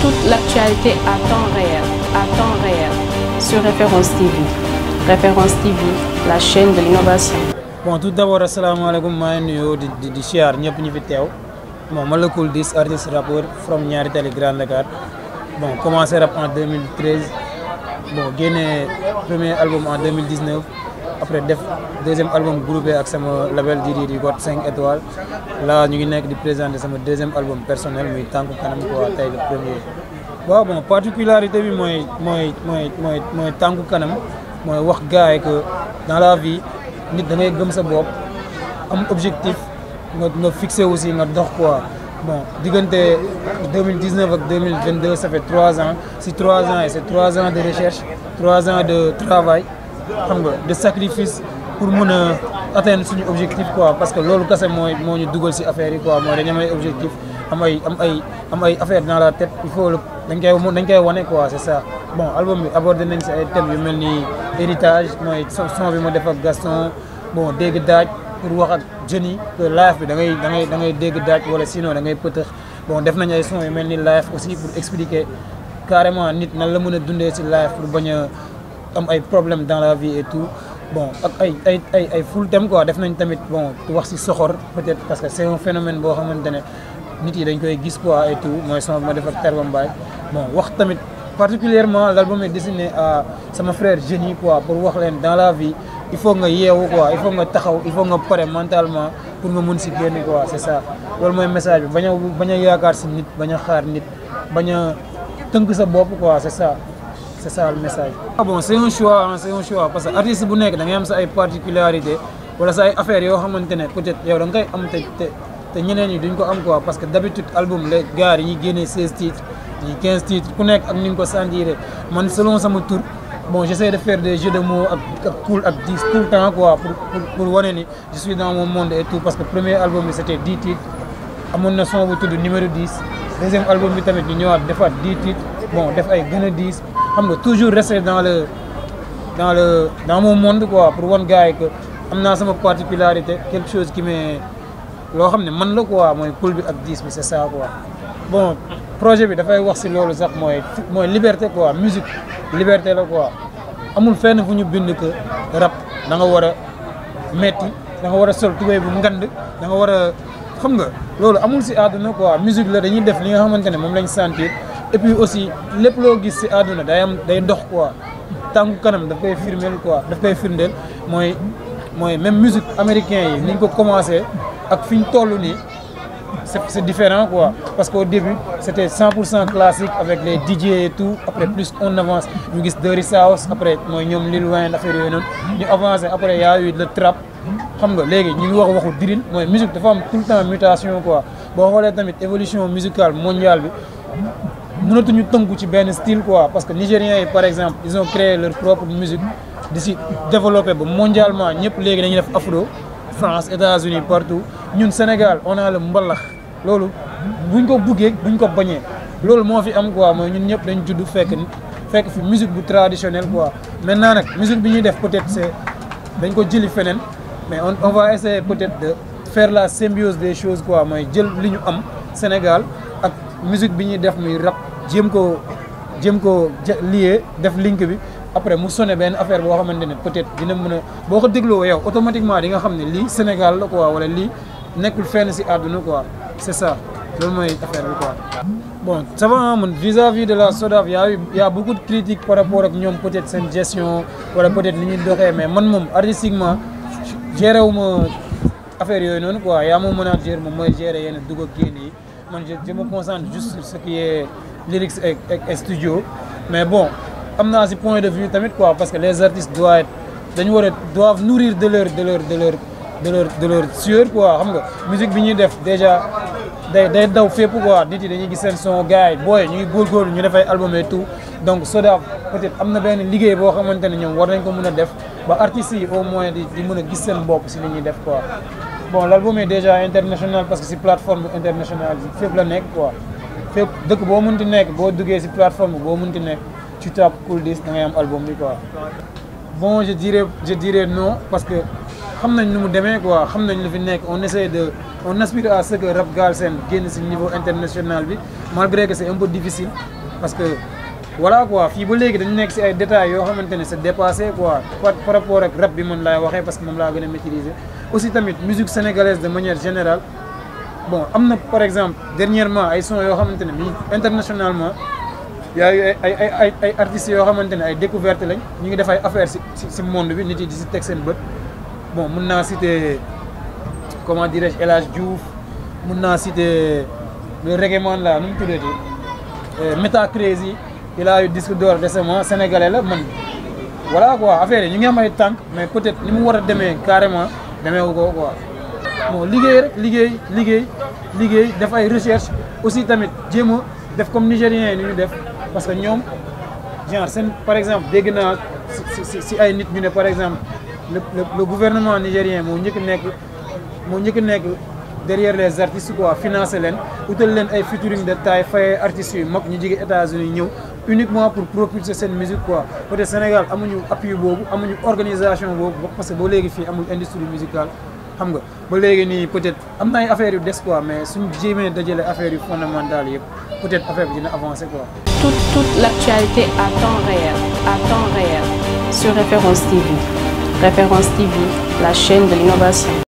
toute, l'actualité à temps réel, à temps réel, sur Référence TV. Référence TV, la chaîne de l'innovation. Bon, tout d'abord, assalamu alaikum, maa ngi di di bon ma la dis artiste rappeur from Ñaari Tali Grand Dakar bon commencé rap en 2013 bon gagné premier album en 2019 après def deuxième album groupé ak sama label di di got 5 étoiles là ñu ngi nekk di présenter sama deuxième album personnel muy tànk kanam quoi tay le premier. bon particularité bi moy moy moy moy moy tànk kanam moy wax gaay que dans la vie nit da ngay gëm sa bop am objectif nga nga fixé aussi nga dox quoi. bon diggante 2019 ak 2022 ça fait 3 ans si 3 ans et c'est 3 ans de recherche 3 ans de travail xam nga de sacrifice pour mun atteindre son objectif quoi parce que lolu kasse moy moñu ñu ci affaire yi quoi moy dañu am objectif am ay am ay am ay affaire dans la tête il faut dañ koy dañ koy woné quoi c'est ça bon album bi aborder nañ ci ay thèmes yu melni ni héritage mooy son bi mo def ak Gaston bon dégg daaj pour wax ak jeunes que life bi da ngay da ngay da ngay dégg daaj wala sinon da ngay pëtëx bon def nañ ay son yu melni life aussi pour expliquer carrément nit nan la mën dundé ci life pour bañ am ay problème dans la vie et tout bon ak ay ay ay ay full thème quoi def nañ tamit bon wax ci soxor peut-être parce que c'est un phénomène bo xamantene nit yi dañ koy gis quoi et tout moy sama ma def ak Tarba Mbaye bon wax tamit particulièrement l'album est destiné à sama frère génie quoi pour wax leen dans la vie il faut nga yeewu quoi il faut nga taxaw il faut nga pare mentalement pour nga mun ci génn quoi c'est ça lol moy message bi baña a bañ a nit baña xaar nit baña teunk sa bop quoi c'est ça c'est ça le message. ah bon c'est un choix hein, c'est un choix parce que artiste bu da peut-être parce que d'habitude album les gars yi titres 15 titres selon tour bon j'essaie de faire des jeux de mots cool tout le temps quoi pour pour je suis dans mon monde et tout parce que premier album c'était 10 titres à na son autour du numéro 10 deuxième album bi titres bon xam nga toujours rester dans le dans le dans mon monde quoi pour wan gars que am naa sama particularité quelque chose qui me loo xam ne man la quoi mooy poul bi ak diis bi c'est ça quoi bon projet bi dafay wax si loolu sax mooy mooy liberté quoi musique liberté la quoi amul fenn fu ñu bind que rap da nga war a metti da nga war a sol tubéy bu ngand da nga war a xam nga loolu amul si àdduna quoi musique la dañuy def li nga xamante ne moom lañ sentir et puis aussi les loo gis si àdduna day am day dox quoi tanku kanam daf koy firmel quoi daf koy firndel moy moy même musique américain yi niñ ko commencé ak fiñ ñu ni c'est différent quoi parce qu'au début c'était 100% classique avec les DJ et tout après plus on avance ñu gis Dirty House. après moy ñom Lil Wayne affaire yooyu noonu ñu avancé après y a eu le trap xam nga légui ñu wax waxu drill moy musique dafa am tout le temps mutation quoi bo xolé tamit évolution musicale mondiale bi mënatuñu tënku ci benn style quoi parce que nigériens par exemple ils ont créé leur propre musique d'ici développé mondialement ñëpp léegi dañuy def afro France États-Unis partout Nous, au Sénégal on a le mbalax lolo buñ ko buggee buñ ko bañé loolu moo fi am quoi mais ñun ñep dañ judd fekk fekk fi musique bu traditionnelle quoi maintenant nak musique bi def peut-être c'est dañ ko jëli mais on on va essayer peut-être de faire la symbiose des choses quoi mais jël li am Sénégal musique bi def muy rap jëm ko jëm ko lié def link bi après mu sonné ben affaire bo xamante peut-être dina mëna boko boo yow automatiquement di nga xam ne Sénégal la quoi wala li nekul fenn si aduna quoi c'est ça loolu mooy affaire bi quoi. bon ça va mon hein, vis-à-vis de la SODAV y a y a beaucoup de critiques par rapport ak ñom peut-être sen gestion wala peut-être li ñuy doxé mais man mom artistiquement géré wu ma affaire yoy noonu quoi yaa ma manager mom moy gérer yene dugg ak génn yi. Moi, je, je, me concentre juste sur ce qui est lyrics et, et, et studio. Mais bon, amenant ce point de vue, quoi, parce que les artistes doivent, être, doivent nourrir de leur, de leur, de leur, de leur, de leur sueur, quoi. La musique que def déjà, day day daw fépp quoi nit yi dañuy gis seen son gars nous booy ñuy góorgóorlu ñu def ay album et tout donc doit peut-être am na benn liggéey boo xamante ne ñoom war nañ ko mën a def ba artistes yi au moins di di mën a gis seen si li ñuy def quoi bon l'album est déjà international parce que une plateforme internationale c'est faible nek quoi fépp dëkk boo munti nek boo duggee plateforme tu tapes Cool Diss da ngay album quoi. bon je dirais je dirais non parce que comme nous nous quoi comme on essaie de on aspire à ce que rap girls gagne ce niveau international malgré que c'est un peu difficile parce que voilà quoi fi ba détails par rapport ak rap parce que aussi tamit musique sénégalaise de manière générale bon par exemple dernièrement internationalement artistes lañ monde bi di citer comment dirais-je El Diouf citer le reggae man il a eu disque d'or récemment sénégalais là, man voilà quoi affaire ngi temps, mais peut-être ni carrément demain quoi bon recherches aussi tamit comme nigériens parce que nous, par exemple si par exemple le gouvernement nigérien derrière les artistes quoi financer de taille artistes États-Unis uniquement pour propulser cette musique quoi peut-être Sénégal amuñu appui appuyé amuñu organisation avons parce que ba léegi a amul industrie musicale xam nga peut-être une affaire ay affaires mais suñu jéemee dajale affaires fondamentale fondamentales peut-être affaire bi avancer toute toute l'actualité à temps réel à temps réel sur Référence TV Référence TV la chaîne de l'innovation